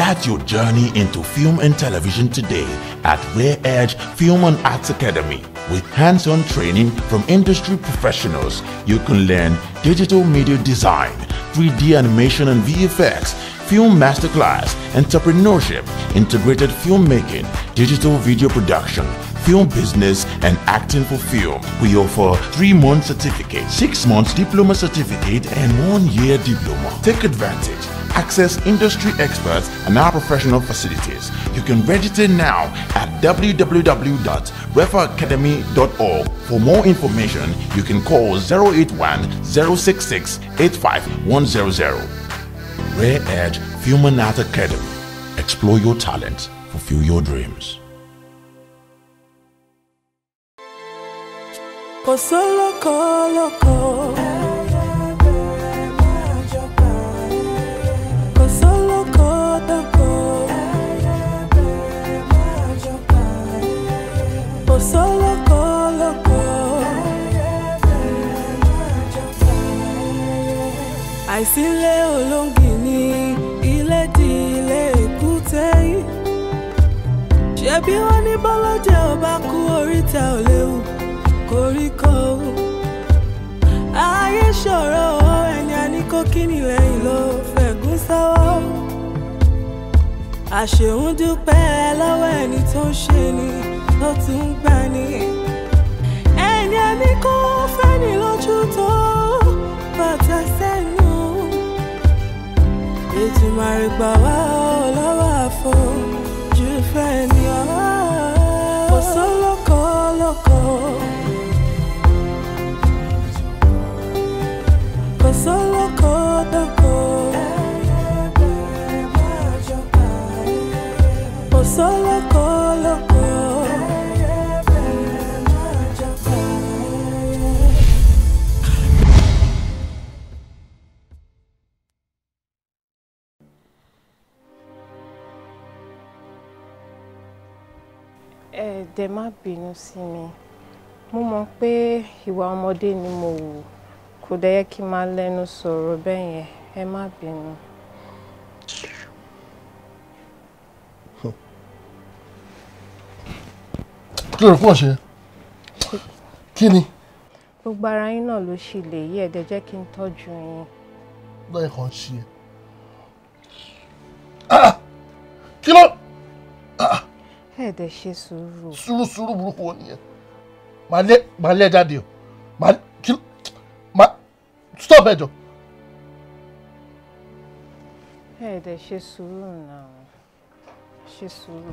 Start your journey into film and television today at Rare Edge Film and Arts Academy. With hands-on training from industry professionals, you can learn digital media design, 3D animation and VFX, film masterclass, entrepreneurship, integrated filmmaking, digital video production, film business and acting for film. We offer 3-month certificate, 6 months diploma certificate and 1-year diploma. Take advantage access industry experts, and our professional facilities. You can register now at www.refaacademy.org. For more information, you can call 081 066 85100. Rare Edge Human Art Academy. Explore your talent. fulfill your dreams. Kosoloko loko. àìsílé olóńgì ni ilé di ilé èkúté yìí ṣebí wọ́n ní bọ́lọ́jẹ́ ò bá kú oríta ò léwu koríko òun ayé ṣòro ẹni àníkókínì lẹ́yìn ló fẹ̀gún sọ́wọ́ àṣeun dúpẹ́ lọ́wọ́ ẹni tó ń ṣe ni ló tún gbani ẹni ẹni kó fẹ́ni lójú. gbà wá. dẹ̀ má bínú sí mi mo mọ̀ pé ìwà ọmọdé ni mo wù kò dẹ̀ yẹ kí n máa lẹ́nu sọ̀rọ̀ bẹ́ẹ̀ yẹn ẹ má bínú. kí ló pọ̀ ṣe kí ni. gbogbo ara yín náà ló ṣì lè yí ẹ̀dẹ̀ jẹ́ kí n tọ́jú yín. lẹ́ẹ̀kan ṣe ah! kí ló ẹ̀ẹ́dẹ̀ ṣe sùúrù. sùúrù sùúrù burúkú wo nìyẹn màá lé màá lé jáde o màá kí màá stop ẹjọ. ẹ̀ẹ́dẹ̀ ṣe sùúrù náà ṣe sùúrù.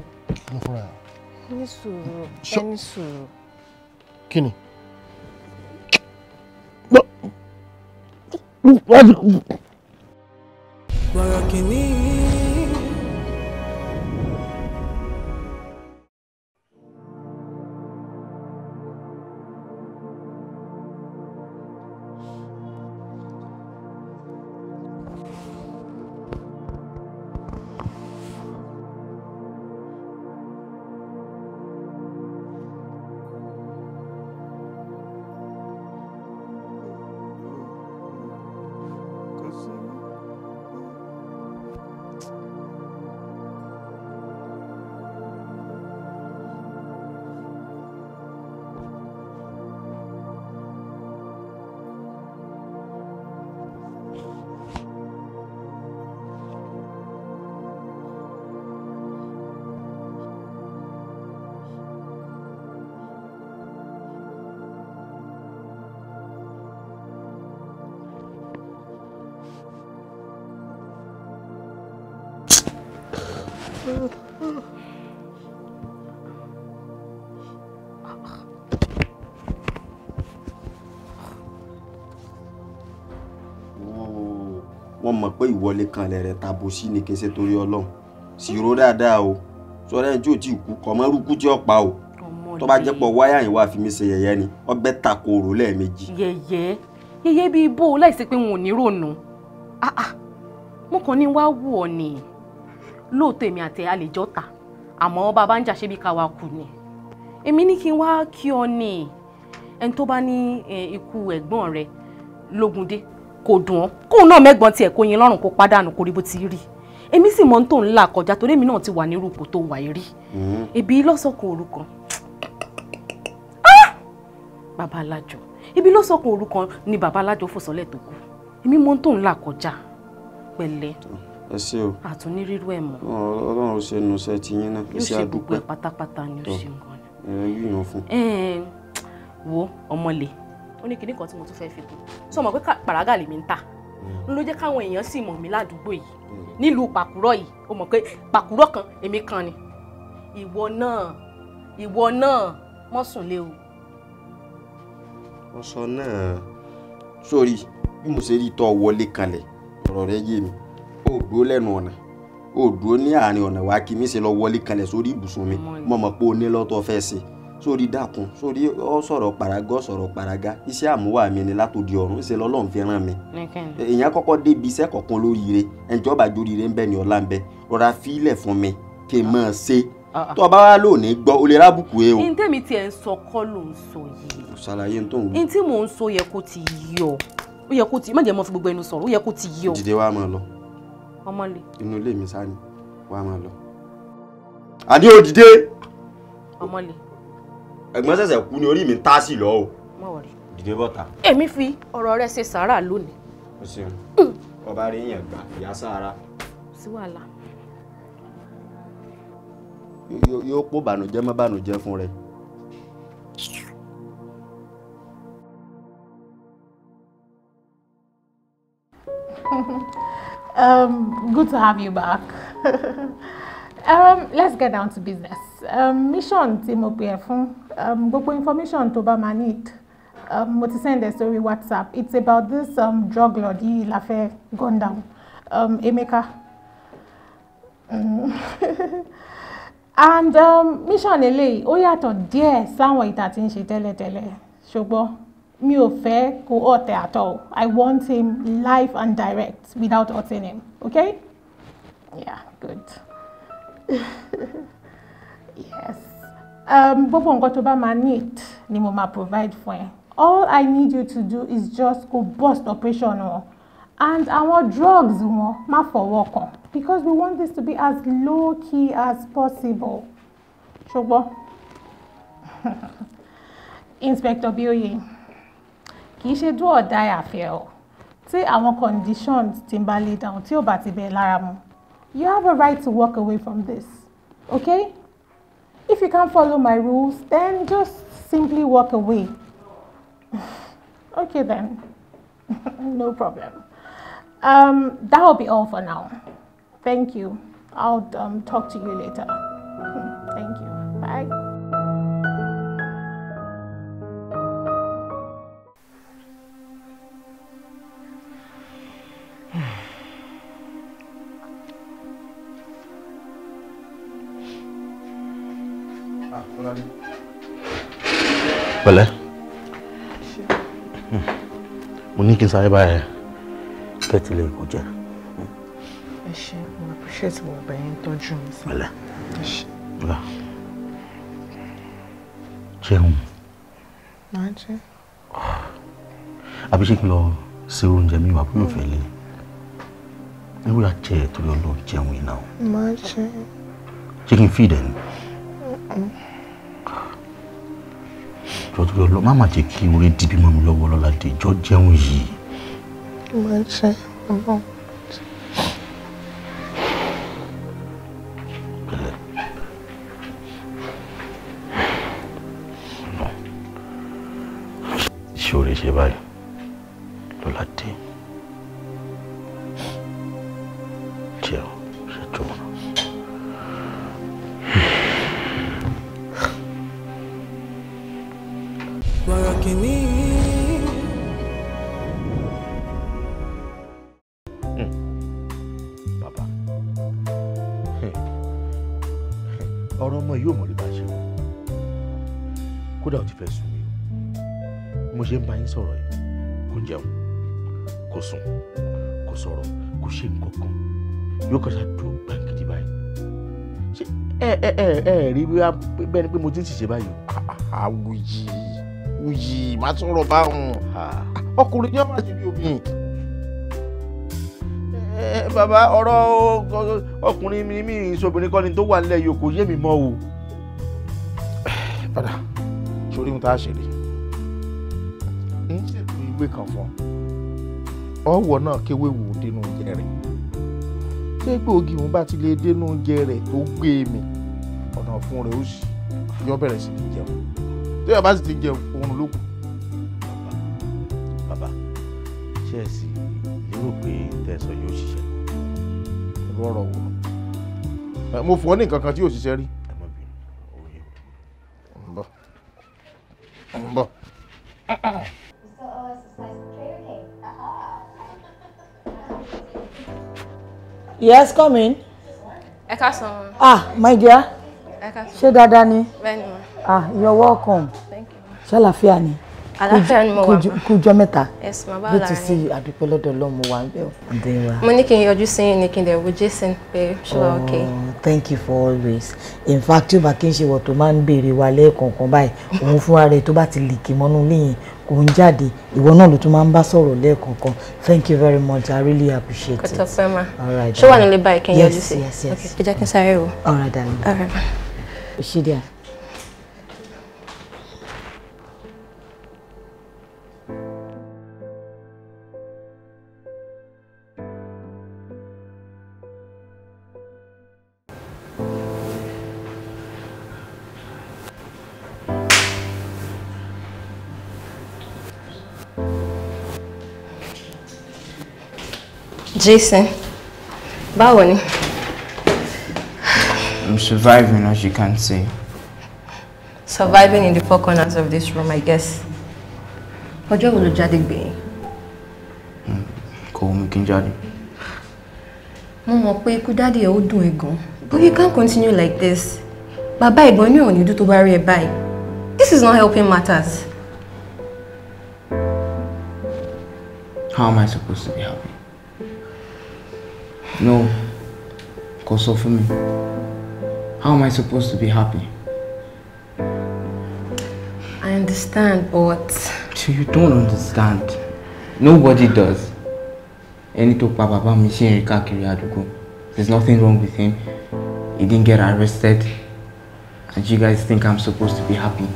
mo fura ẹ. ní sùúrù ẹ sùúrù. kí ni. wọ́n mọ̀ pé ìwọlé kan lẹ̀rẹ̀ tabo sí ni kí n ṣe torí ọlọ́run sì ró dáadáa o sọ̀rọ̀ ẹni tí ò tí ì kú kọ̀ mọ́ tí ó pa o tó bá jẹ́ pọ̀ wáyà yìí wá fi mí ṣe yẹ̀yẹ́ ni ọgbẹ́ ta kòòrò lẹ́ẹ̀mejì. yẹ̀yẹ́ yẹ̀yẹ́ bíi bó o láì ṣe pé wọn ò ní rònú ah, ah. mo kàn ní wá wù ọ nìyí lóòótọ́ èmi àti ẹ̀ a lè jọ tà àmọ́ bàbá ń jà ṣe bí káwa kù ni èmi ní kí n wá kí ọ ní ẹni tó bá ní ikú ẹ̀gbọ́n rẹ lógundé kò dùn ọ́ kóun náà mẹ́gbọ́n tiẹ̀ kó yin lọ́rùn kó pàdánù kó rí bó ti rí èmi sì mọ ohun tó ń là kọjá torí èmi náà ti wà nírú ipò tó wà rí ibi mm-hmm. lọ́sọ̀kan orúkọ ah! bàbá alájọ ibi lọ́sọ̀kan orúkọ ni bàbá alájọ fò sọ́lẹ̀ tó kù èmi mọ ohun tó ń là kọjá pẹ̀lẹ́. Mm-hmm ẹ ṣe o. àtún ní rírú ẹ mọ. ọlọ́run ó ṣe nùṣẹ́ ti yín náà. yóò ṣe gbogbo ẹ pátápátá ni ó ṣe nǹkan ni. ẹ yíyan fún. wo ọmọlè ó ní kinní kan tí mo tún fẹ́ẹ́ fi kún sọ ma pé pàrágà lèmi ń ta n ló jẹ́ káwọn èèyàn sì mọ̀ mí ládùúgbò yìí nílùú pàkúrọ̀ yìí ó mọ̀ pé pàkúrọ̀ kan èmi kan ni ìwọ náà ìwọ náà mọ́ o. ọsọ náà sórí bí mo ṣe rí i tọ́ wọlé kalẹ̀ ọ̀rọ̀ rẹ yé mi ó dúró lẹ́nu ọ̀nà ó àárín ọ̀nà wá kí mi ṣe lọ wọlé kalẹ̀ sórí ibùsùn mi mo mọ̀ pé o ní lọ́tọ̀ fẹ́ ṣe sórí dákun sórí ọ sọ̀rọ̀ paragọ́ sọ̀rọ̀ paraga iṣẹ́ àmúwá mi ni látòdì ọ̀run ṣe lọ́lọ́run fi ràn mí. èèyàn kọ́kọ́ débi iṣẹ́ kọ̀ọ̀kan lóríire ẹnjọ́ bàjọ́ oríire ń bẹ ní ọ̀la ń bẹ rọra fílẹ̀ fún mi kí n máa ṣe ah, ah. tó o bá wá lónìí gbọ́ o lè rábùkù e o. ní tèmi tiẹ̀ ń sọ kọ́ ló ń sọ yìí. ṣàlàyé tó ń wí. ní tí mò ń sọ yẹ kó ti yí ọ ó yẹ kó ti má jẹ́ mọ́ fi gbogbo ẹnu sọ̀rọ̀ ó yẹ kó ti yí ọ. dìde wá máa lọ ọmọ lè. inú ilé mi sá ni wàá máa lọ. àní òdìdé. ọmọ lè. ẹ̀gbọ́n ṣẹ̀ṣẹ̀ kú ni orí mi ń tá sí lọ o. má wọlé. dìde bọ́ta. èmi fi ọ̀rọ̀ rẹ ṣe sàárà lónìí. o ṣeun ọba rí yẹn gbà ìyá sára. sí wàhálà. yóò pọ̀ bànújẹ́ mọ́ bànújẹ́ fún rẹ. Um, good to have you back. um, let's get down to business. Um, mission tí mo pè ẹ́ fún um, gbogbo information tó bá ma need um, mo ti send ẹ sórí WhatsApp it's about this um, drug lord yìí la fẹ́ gun down um, Emeka. Mm. and um, mission eléyìí ó yàtọ̀ díẹ̀ sáwọn ìta tí ń ṣe tẹ́lẹ̀tẹ́lẹ̀ ṣùgbọ́n mi ò fẹ́ kó ọ̀tẹ̀ at all I want him live and direct without hurting him okay yeah good yes um, gbogbo nǹkan tó bá máa need ni mo máa provide for ẹ all I need you to do is just go bust operation wọn and àwọn drugs wọn má fọwọ́ kàn because we want this to be as low key as possible ṣùgbọ́n Inspector Bioye kì í ṣe do or die affair o tí àwọn conditions ti ń bá lay down tí ò bá ti bẹ̀ lára mu you have a right to walk away from this okay if you can't follow my rules then just simply walk away okay then no problem um, that will be all for now thank you I'll um, talk to you later thank you bye. pẹ̀lẹ́ mo ní kí n sáré báyẹn kẹ́tì lè kó jẹ. ẹ ṣe mo appreciate wọ ọbẹ yẹn tọ́jú mi sí. pẹ̀lẹ́ ọlá jẹun. máa jẹ. àbí ṣé kí n lọ ṣe oúnjẹ mi wà fún ìfẹ́ lé ewu ya jẹ torí Ọlọ́run jẹun yìí náà. máa jẹ. ṣé kí n fi ìdẹ ni jọ́tò lọ má má jẹ́ kí orí dìbí mọ́ mi lọ́wọ́ lọ́la dé jọ́ jẹun yìí. mo ń ṣe ọgbọ́n. ọ̀rọ̀ ọmọ yóò mọ̀ lè bá ṣe wọ́n kódà ó ti fẹ́ sùn mí o mo ṣe ń bá yín sọ̀rọ̀ yìí kò jẹun kò sùn kò sọ̀rọ̀ kò ṣe nǹkan kan yóò kàn ṣàdúró gbàǹgìdì báyìí ṣé ẹ ẹ ẹ ẹ rí bẹ́ẹ̀ ni pé mo ti ń ṣiṣẹ́ báyìí o wuyì wuyì má sọ̀rọ̀ báwọn ọkùnrin yóò má ṣe bí obìnrin bàbá ọ̀rọ̀ ọkùnrin mi mi ìṣòbìnrin kọ́ni tó wà nílẹ̀ yòókù yé mi mọ́ o. padà sórí ohun tá a ṣe lè ń ṣètò ìwé kan fún ọ ọwọ́ náà kéwé wò ó dénú oúnjẹ rẹ̀ ṣé gbòógì òun bá ti lè dénú oúnjẹ rẹ̀ tó gbé mi ọ̀nà fún rẹ̀ ó sì yọ bẹ̀rẹ̀ sí ní jẹun tó yọ bá sì ti jẹun òun ló kù. bàbá ṣe é sí lérò pé tẹ̀sán yóò ṣiṣẹ́ ọ̀rọ̀ wò mo fọ́ ní nǹkan kan tí yóò ṣiṣẹ́ rí. yes come in. ẹ ká sọ ah my dear. ẹ ká sọ. ṣé dáadáa ni. bẹ́ẹ̀ ni ma. ah you're welcome. thank you. ṣàlàfíà ni àlàáfíà ni mo wà. kújọ mẹ́ta ló ti sí àdúpẹ́ lọ́dọ̀ lọ́mọ wa ń bẹ̀ mo ní kí n yọjú sí yín kí n dẹ̀ jason pé ṣé wàá ok. Oh, thank you for always in fact tí o bá kí n ṣe wọ̀ tó máa ń béèrè wa lẹ́ẹ̀kọ̀ọ̀kan báyìí òun fúnra rẹ̀ tó bá ti lè kí mọ́nú léyìn kò ń jáde ìwọ náà ló tún máa ń bá sọ̀rọ̀ lẹ́ẹ̀kọ̀ọ̀kan thank you very much i really appreciate it. kò tó fẹ́ ma ṣé wà nílé báyìí kí n yọjú sí i ẹ jẹ́ kí n sáré o. all right darling. all Jason, báwo ni? I'm surviving as you can see. Surviving in the four corners of this room, I guess. Ọjọ́ wo ló jáde gbẹ̀yìn? Hmm, kò mú kí n jáde. Mo mọ̀ pé ikú dáàdì ẹ̀ ó dùn ẹ̀ gan. But you can't continue like this. Bàbá ẹ̀gbọ́n ní òní dúdú tó bá rí ẹ báyìí. This is not helping matters. How am I supposed to be happy? No. Because sọ me. How am I supposed to be happy? I understand, but... So you don't understand. Nobody does. Any tó pa bàbá mi There's nothing wrong with him. He didn't get arrested. And you guys think I'm supposed to be happy?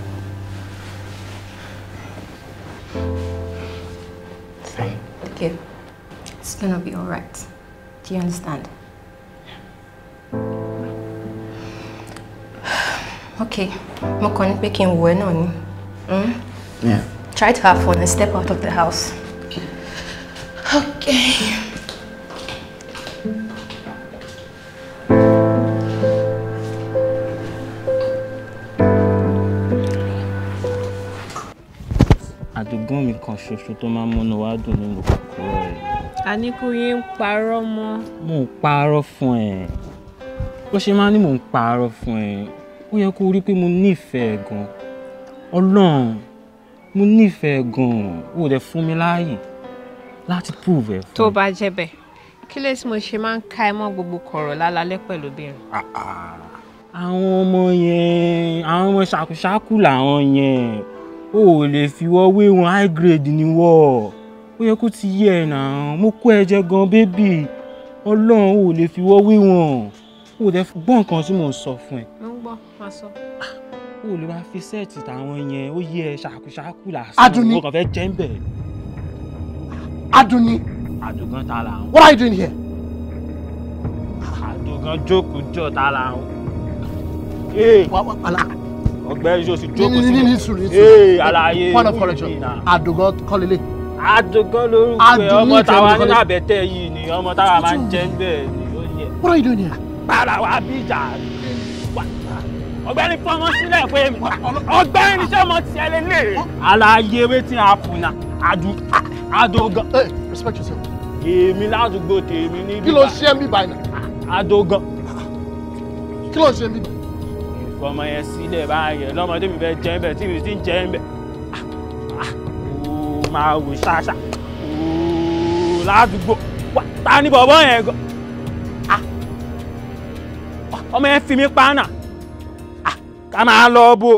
Do you understand? Okay, mo kàn ní pé kí n hmm? Yeah. Try to have fun and step out of the house. Okay. àdúgbò mi kan ṣoṣo tó máa ń múnú wá dùn nínú Aníkúyí ń parọ́ mọ́. Mo ń parọ́ fún ẹ. Ó ṣe máa ń ní mò ń parọ́ fún ẹ. Ó yẹ kó rí pé mo nífẹ̀ẹ́ gan. Ọlọ́run mo nífẹ̀ẹ́ gan. O dẹ̀ fún mi láàyè láti prove ẹ̀ fún mi. Tó bá jẹ́ bẹ́ẹ̀, kí lè tí mo ṣe máa ń ka ẹ mọ́ gbogbo kọ̀rọ̀ lálálẹ́ pẹ̀lú obìnrin. Ah, ah. Àwọn ọmọ yẹn, àwọn ọmọ ṣàkúṣàkú làwọn yẹn. O ò lè fi wọ́n wé wọn high grade ni wọ́ọ̀ ó yẹ kó ti yé ẹ náà mo kó ẹ gan bébì ọlọ́run ò lè fi wọ́ wé wọn dẹ gbọ́ nǹkan tí mò ń sọ fún ẹ. mo ń gbọ́ má sọ. o lè máa fi sẹ́ẹ̀tì tàwọn yẹn ó yẹ ṣàkúṣàkú làásán Adunni mo kàn fẹ́ jẹ́ ń bẹ̀. Adunni. àdùgán ta la. what are you doing here. àdùgán jókòó jọ ta la. wà wà pàlà ọgbẹ́ yóò sì jókòó sí i. ní ní ní sùúrù ní sùúrù. ee alaye wúni ní na. àdùgán àdògán lórúkọ ẹ ọmọ táwa ní àbẹ̀tẹ̀ yìí ni ọmọ táwa máa ń jẹ́ ń bẹ̀ ni ó yẹ. what are you doing here? para wa bí ìjà ọ̀gbẹ́ni fọmọ sílẹ̀ pé ọ̀gbẹ́ni iṣẹ́ ọmọ tiẹ̀ lélẹ̀. alaye wetin happen na àdògán. respect yourself. èmi ládùúgbò tèmi ní. kí ló ṣe é mi báyìí náà. àdògán. kí ló ṣe é mi ìfọmọ yẹn sílẹ̀ báyẹn lọ́mọdé mi fẹ́ jẹ́ ń bẹ̀ tí mi ti ń jẹ́ ń bẹ̀ máa wò ṣáṣá ooo ládùúgbò wá ta ni bọ̀bọ̀ yẹn gan ah, ọmọ yẹn fi mí Ah, ká máa lọ bó.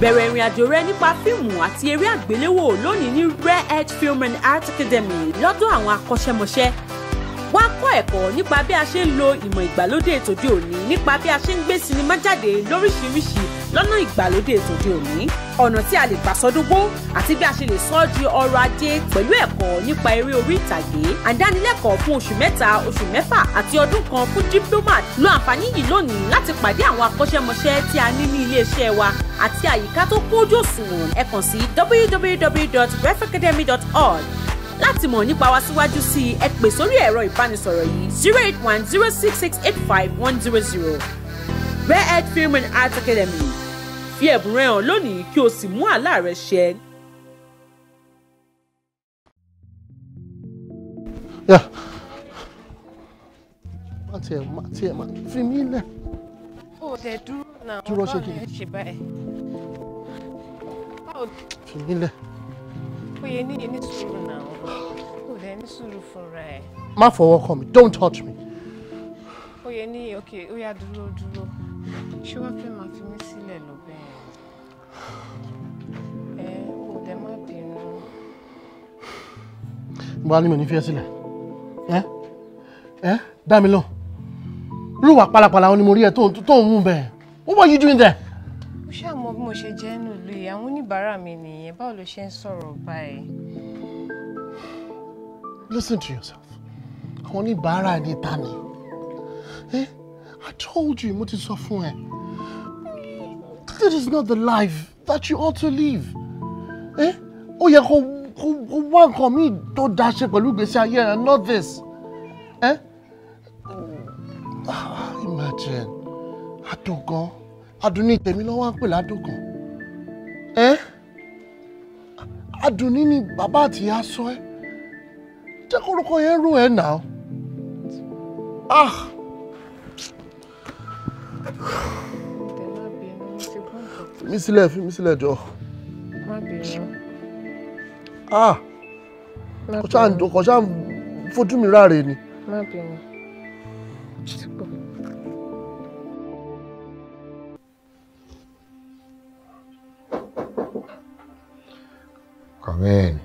bẹ̀rẹ̀ ìrìn àjò rẹ nípa fíìmù àti eré àgbéléwò lónìí ní Rare Edge Film and Art Academy lọ́dọ̀ àwọn akọ́ṣẹ́mọṣẹ́ wá kọ́ ẹ̀kọ́ nípa bí a ṣe ń lo ìmọ̀ ìgbàlódé ètòde òní nípa bí a ṣe ń gbé sinimá jáde lóríṣiríṣi lọ́nà ìgbàlódé tòde òní ọ̀nà tí a lè gbà sọdúngbó àti bí a ṣe lè sọ ọ́ di ọrọ̀ ajé pẹ̀lú ẹ̀kọ́ nípa eré orí ìtàgé àdánilẹ́kọ̀ọ́ fún oṣù mẹ́ta oṣù mẹ́fà àti ọdún kan fún diplomat lo àǹfààní yìí lónìí láti pàdé àwọn akọ́ṣẹ́mọṣẹ́ tí a ní ní iléeṣẹ́ wa àti àyíká tó kójú òṣùwọ̀n ẹ kàn sí www.refacademy.org láti mọ̀ nípa wa síwájú sí i ẹ pè sórí ẹ̀rọ ìbánisọ̀rọ̀ yìí zero eight one zero six six eight five one zero zero Rare Earth Film and Art Academy fi ẹ̀bùn rẹ hàn lónìí kí o sì mú àlá rẹ ṣẹ. má tiẹ̀ má tiẹ̀ má fi mí lẹ̀. o ò tẹ̀ dúró náà dúró ṣe kìíní. ṣe báyìí. fi mí lẹ̀. oye ní yẹn ní sùúrù náà o ò dẹ̀ ní sùúrù fúnra ẹ̀. má fọwọ́ kàn mí don't touch me. oye ní yẹn ok ó yá dúró dúró ṣé wàá fẹ́ máa fi mí sílẹ̀ lọ́bẹ̀. bá ní mi ní fi ẹ sílẹ̀ ẹ ẹ dá mi lọ lùwà pàlàpàlà wọn ni mo rí ẹ tó ń mú bẹ́ẹ̀ what were you doing there. mo ṣáà mọ bí mo ṣe jẹ́ nù lù yìí àwọn oníbàárà mi nìyẹn báwo ló ṣe ń sọ̀rọ̀ báyìí. listen to yourself àwọn oníbàárà ni ta ni eh i told you mo ti sọ fún ẹ this is not the life that you ought to live eh ó yẹ kó kò wá nǹkan míì tó dáa ṣe pẹ̀lú ìgbésí ayé rẹ̀ not this. Eh? imagine adùn gan adùn ní tèmi lọ́wọ́ ń pè ládùn gan ẹ́ adùn ní ni bàbá àti ìyá sọ ẹ́ jẹ́ kórúkọ yẹn rú ẹ̀ náà ah. fi mí sílẹ̀ fi mí sílẹ̀ jọ. má bínú ah kò ṣáà fojú mi ráre ni. má bínú. Come in.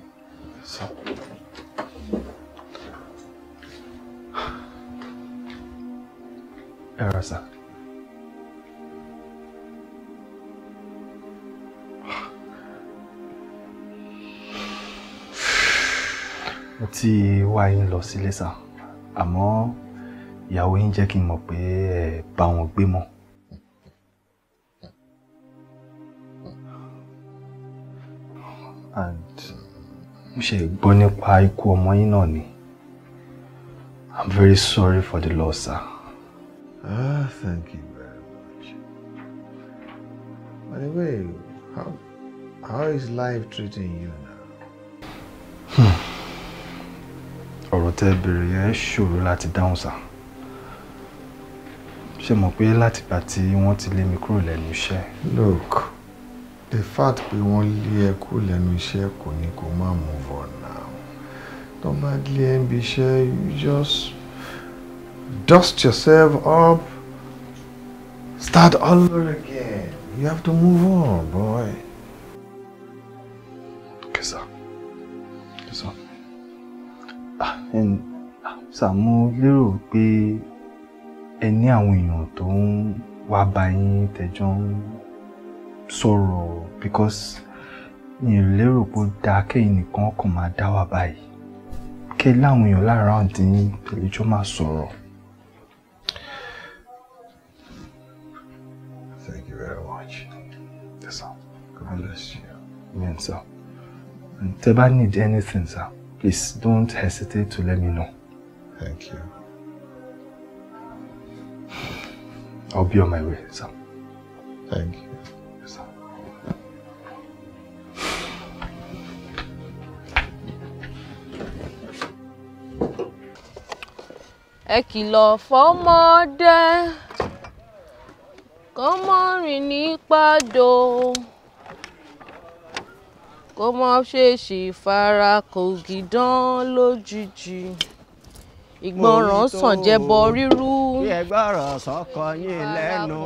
lọ sílé sàn àmọ́ ìyàwó yín jẹ́ kí n mọ̀ pé ẹ bá wọn gbé mọ́. and mo ṣe gbọ́ nípa ikú ọmọ yín náà ni I'm very sorry for the loss sir. ah thank you very much by the way how how is life treating you now. tẹ́ bèrè yẹn ṣòro láti dáhùn sá ṣe mọ̀ pé látìgbà tí wọ́n ti lé mi kúrò lẹ́nu iṣẹ́. look the fact pé wọ́n lé ẹ kúrò lẹ́nu iṣẹ́ kò ní kó má move on now tó bá lé ẹ níbi iṣẹ́ you just dust yourself up start all over again you have to move on boy. sàmú lérò pé ẹ ní àwọn èèyàn tó ń wá bá yín tẹjọ́ ń sọ̀rọ̀ because mi ò lérò pé ó dáa kẹ́yìn nìkan ọkàn máa dá wà báyìí kẹ́ láwọn èèyàn lára ọ̀dín yín tẹ̀lẹ́jọ́ máa sọ̀rọ̀. Thank you very much. Yes, sir. God bless you. Amen, sir. And tẹ́ bá need anything, sir. Please don't hesitate to let me know. Thank you. I'll be on my way, sir. Thank you. Yes, sir. Ẹ kìlọ̀ fọ́mọdé kọ́mọrin ní pàdó kó mọ́ ṣèèṣì fara kogi dán lójijì ìgbọràn sàn jẹbọ rírú. bí ẹgbọràn sọkọ yín lẹ́nu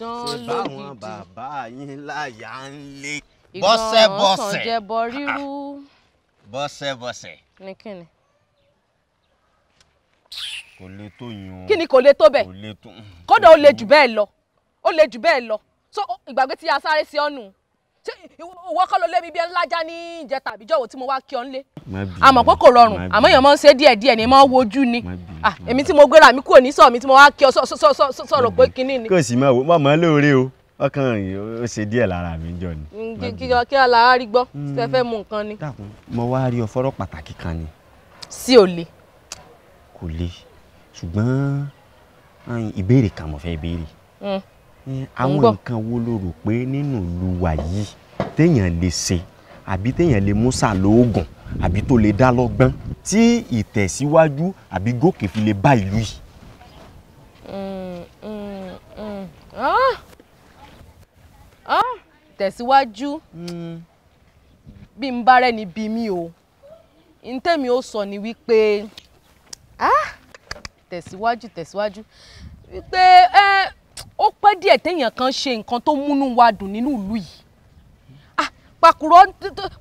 ṣe báwọn bàbá yín láyà ń lé. ìgbọràn sàn jẹbọ rírú. bọ́sẹ̀bọ́sẹ̀. ní kíni kò le tó yun o. kí ni kò le tó bẹ́ẹ̀ kódà ó le jù bẹ́ẹ̀ lọ ó le jù bẹ́ẹ̀ lọ so ìgbàgbé ti a sáré sí ọ́nù ìwọ kọ́ ló lé mi bí ẹ ńlájà ní ìjẹta àbíjọ́wò tí mo wá kí ọ ńlé àmọ́ pé kò rọrùn àmọ́ èèyàn máa ń ṣe díẹ̀ díẹ̀ ni máa ń wojú ni èmi tí mo gbéra mi kúrò ní sọ̀rọ̀ mi tí mo wá kí ọ sọ̀rọ̀ pé kínní ni. kò sì máa wò mọ̀ mọ́ lóore o ọkàn ó ṣe díẹ̀ lára mi jọ ni. kíkọ mm, kí ala á rí gbọ́ mm. ṣe fẹ́ mú nǹkan ni. dákun mo wá rí ọ fọ́rọ̀ pàtàkì kan ni. sí ò le. kò le ṣùgbọ́n ìbéèrè kan mo fẹ́ béèrè. Mm àwọn nǹkan wo ló rò pé nínú ìlú wa yìí téèyàn lè ṣe àbí téèyàn lè mú sàlóògùn àbí tó lè dá lọ́gbọ́n tí ìtẹ̀síwájú àbí gòkè fi lè bá ìlú yìí. Mm, mm, mm. Ah! Ah! tẹ̀síwájú bí n bá rẹ́ni bí mi o ntẹ́mi ó sọ ni wípé ah! tẹ̀síwájú tẹ̀síwájú wípé. Eh, ó pẹ́ díẹ̀ téèyàn kan ṣe nǹkan tó múnú wa dùn nínú ìlú yìí ah, pàkúrọ̀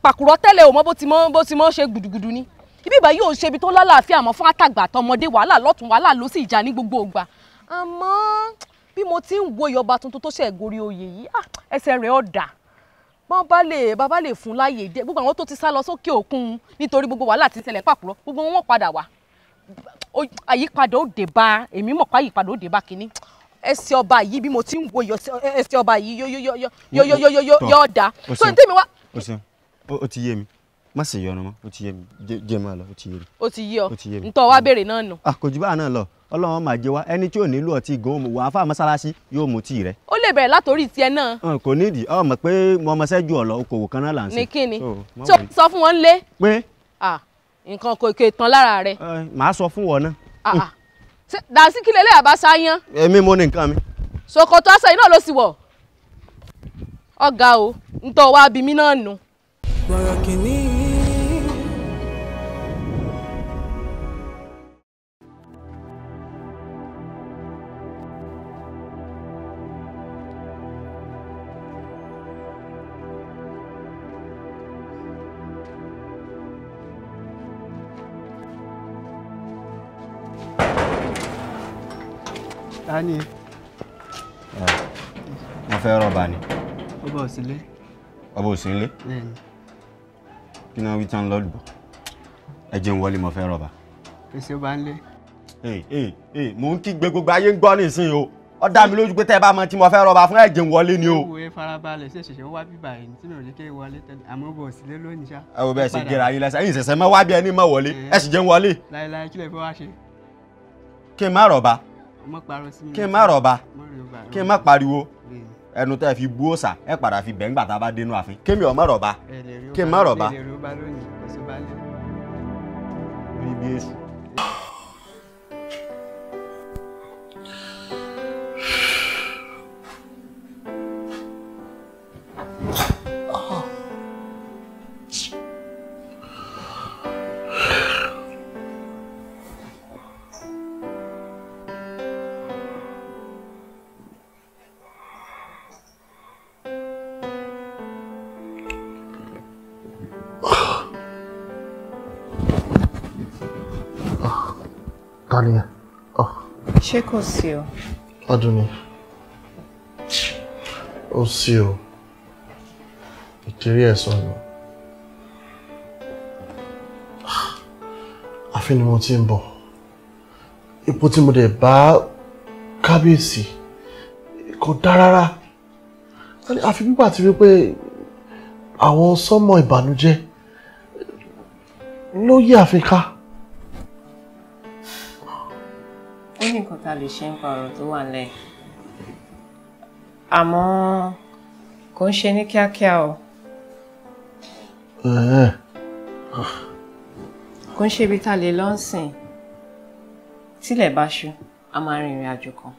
pàkúrọ̀ tẹ́lẹ̀ ò mọ bó ti mọ bó ti mọ ṣe gbùdùgbùdù ni ibi ìbá yóò ṣe ibi tó lálàáfíà mọ́ fún àtàgbà àtọmọdé wàhálà lọ́tún wàhálà ló sì jà ní gbogbo ìgbà àmọ́ bí mo ti ń wo ìyọba tuntun tó ṣe gorí oyè yìí ah, ẹsẹ̀ rẹ̀ ọ̀dà bọ́n bá lè bàbá lè fún láàyè díẹ̀ gbogbo àwọn tó ti sá lọ sókè òkun nítorí gbogbo wàhálà ti ṣẹlẹ̀ pàkúrọ̀ gbogbo wọn padà wá àyípadà ó dé bá èmi mọ̀ pé àyípadà ó dé ẹsẹ̀ ọba yìí bí mo ti ń wo ẹsẹ̀ ọba yìí yóò dá so ní tèmi wá. o ṣeun o ti yé mi má ṣe yọnu mọ́ o ti yé mi jẹ́ máa lọ o ti yé mi. o ti yé ọ ntọ́ wa béèrè náà nù. àkójú ah, báà náà lọ ọlọ́run máa jẹ wá ẹni tí ò nílò ọtí gan wàá fà mọ́sálásí yóò mu tí rẹ. ó lè bẹ̀rẹ̀ látòrí tiẹ̀ náà. kò nídìí ọ mọ̀ pé mo mọ̀ sẹ́jú ọ̀lọ́ okòwò kan náà là ń ṣe. ní kíni tó sọ fún wọn lé. pé ah, nǹkan kò kè tán lára rẹ. màá sọ fún wọn náà. Ah, dàsí kí lélẹ́yà bá sáyán. èmi mo ní nǹkan mi. ṣòkòtò aṣọ yìí ló sì wọ̀ ọ̀gá o ntọ́ wa bí mi náà nù. bọ̀rọ̀ kìíní ni. Ah, mo fẹ́ rọ̀bà ni. ọba ò sílé. ọba ò sílé. kí ni wọ́n tán lọ́dún bọ̀ ẹ jẹun wọlé mo fẹ́ rọ̀bà. èsì ọba ń lé. mò ń kígbe gbogbo ayé ń gbọ́ nísìnyí o ó dá mi lójú pé tẹ́ ẹ bá mọ tí mo fẹ́ rọ̀bà fún ẹ jẹun wọlé ni o. ìwé farabalẹ̀ ṣe ṣẹ̀ṣẹ̀ ń wá bíbà yìí tí mi ò ní kí n wọlé tẹ́lẹ̀ àmọ́ bọ̀ sílé lónìí ṣá. ẹ wo bẹ́ẹ̀ ṣe gẹ̀rẹ́ ayé lẹ́sẹ̀ ẹ̀yìn ṣẹ̀ṣẹ̀ mọ́ wá bí ẹni mọ́ wọlé eh. ẹ̀ sì jẹun wọlé. láìláì kí lè fẹ́ wá ṣe. kí n má rọ̀bà kí n má rọ̀bà kí n má pariwo ẹnu tẹ́ fi bú òòsà ẹ padà fi bẹ̀ ńgbà tá a bá dénú àfin kémi ọmọ rọ̀bà kí n má rọ̀bà ṣé kò sí o. ọdún ni ó sí o ìtìrí ẹ̀ sọnù àfi ni mo ti ń bọ̀ ipò tí mo dẹ̀ bá kábíyèsí kò dá rárá àfi pípa ti wípé àwọn sọmọ ìbànújẹ́ ló yí àfikà. tá a lè ṣe ń pa ọ̀rọ̀ tó wà lẹ̀ àmọ́ kò ń ṣe ní kíákíá o. kò ń ṣe ibi tá a lè lọ sìn tílẹ̀ bá ṣú a máa rin ìrìn àjò kan.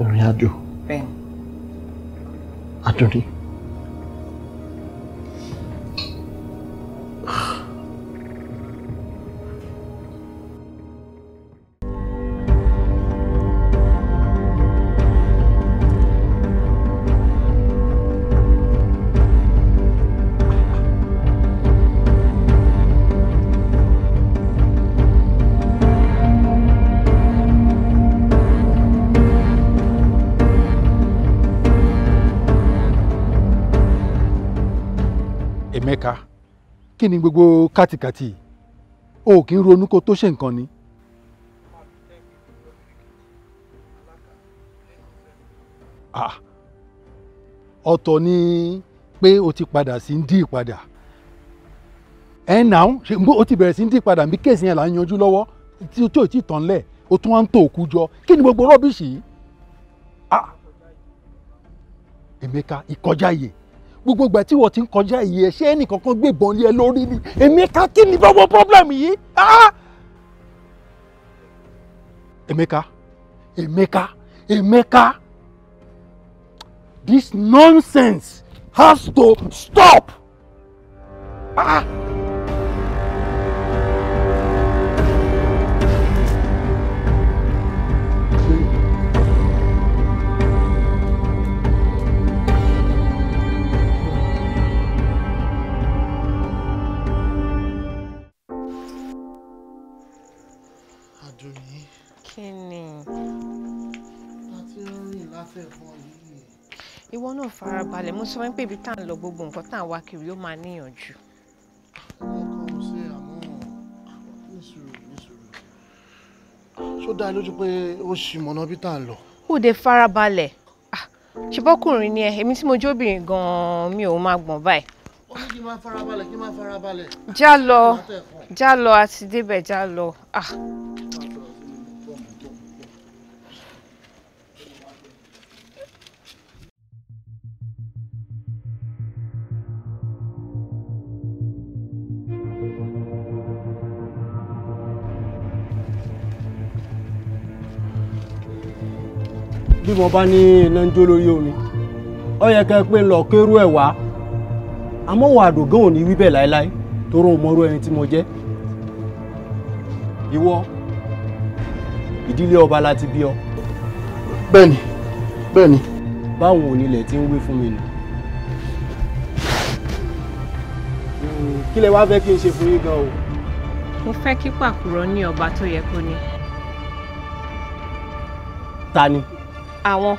ìrìn àjò. bẹ́ẹ̀ni. àdúrí. mẹ́ka kí ni gbogbo kàtìkàtì o kì í ronú kó tó ṣe nǹkan ni. ọ̀tọ̀ ni pé o ti padà sí ń dí ìpadà ẹ̀ náà ṣe o ti bẹ̀rẹ̀ sí ń dí ìpadà bí kéèsì yẹn là ń yanjú lọ́wọ́ tí o tí ò tí tán lẹ̀ o tún wá ń tò òkú jọ kí ni gbogbo rọ́bìṣì yìí. ìkọjá yìí gbogbo ìgbà tí wọ́n ti ń kọjá yìí ẹ̀ ṣé ẹnìkankan gbé ìbọn lé ẹ lórí ni Emeka kí ni bọ́bọ́ pọ́blẹ́mù yìí. Ah! Emeka Emeka Emeka this nonsense has to stop. Ah! balẹ̀ mo sọ wọn pé ibi tá à ń lọ gbogbo nǹkan tá à ń wá kiri ó máa níyànjú. ṣó dá lójú pé ó ṣì mọ̀nà bí tá à ń lọ. ó de farabalẹ̀ ah, ṣùgbọ́kùnrin ni ẹ èmi tí mo jóbìnrin gan-an mi ò máa gbọ̀n báyìí. ó ní kí n máa farabalẹ̀ kí n máa farabalẹ̀. já lọ já lọ àti débẹ̀ já lọ. Ah. bí mo bá ní iná ń jó lórí omi ó yẹ kẹ́ pé ń lọ kérú ẹ̀ wá àmọ́ wà àdògán ò ní wí bẹ́ẹ̀ láéláé toró mọ́rú ẹni tí mo jẹ́ ìwọ ìdílé ọba la ti bí ọ. bẹ́ẹ̀ni bẹ́ẹ̀ni. báwọn onílẹ̀ ti ń wí fún mi nù. kí lẹ wá fẹ́ kí n ṣe fún yín gan o. mo fẹ́ kí pàkúrọ̀ ní ọba tó yẹ kó ní. ta ni. àwọn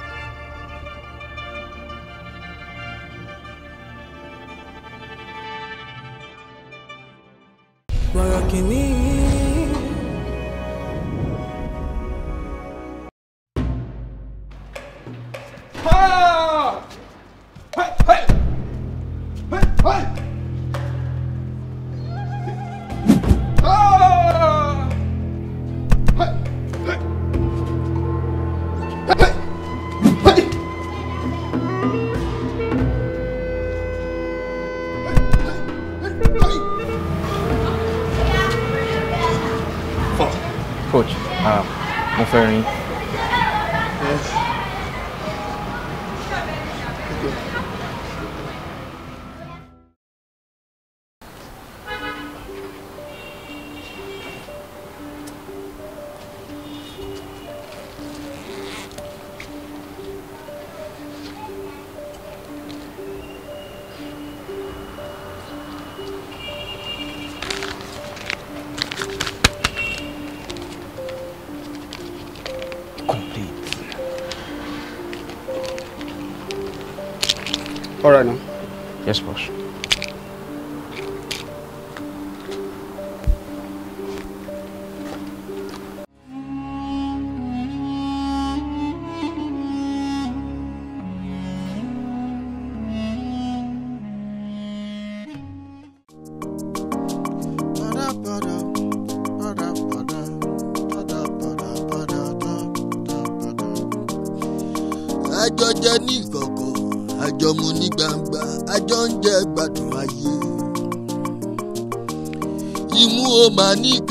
All right now. Yes, boss.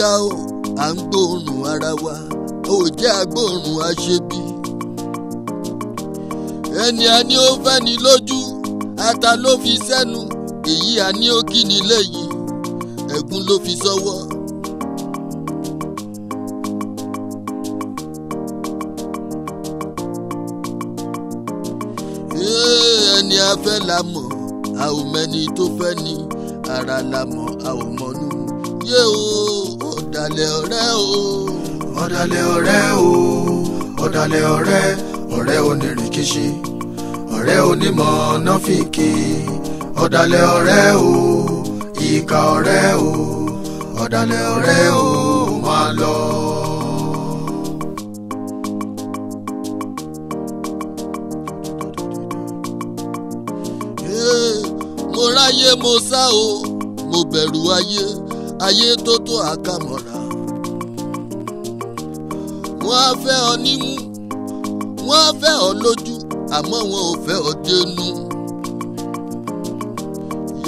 ga o à ń gbóòórùn ara wa ó jẹ́ agbóòórùn aṣebi. ẹni a ní ó fẹ́ni lójú ata ló fi sẹ́nu èyí a ní ó kí ni lẹ́yìn ẹ̀gún ló fi sọ́wọ́. ẹni a fẹ́ la mọ̀ a ò mẹ́ni tó fẹ́ ni ara la mọ̀ a ò mọ̀ nù yé o ọ̀dàlẹ̀ ọ̀rẹ́ o. ọ̀dàlẹ̀ ọ̀rẹ́ o ọ̀dàlẹ̀ ọ̀rẹ́ ọ̀rẹ́ onírìkìṣí ọ̀rẹ́ onímọ̀ nọ́fìkì ọ̀dàlẹ̀ ọ̀rẹ́ o ìkà ọ̀rẹ́ o ọ̀dàlẹ̀ ọ̀rẹ́ o máa lọ. mo ráyé mo sá o mo bẹ̀rù ayé ayé tó tó àkàmọ̀ra wọ́n á fẹ́ ọ nímú wọ́n á fẹ́ ọ lójú àmọ́ wọn ò fẹ́ ọ dénú.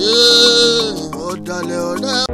yéé ọ̀dàlẹ̀ ọ̀rẹ́.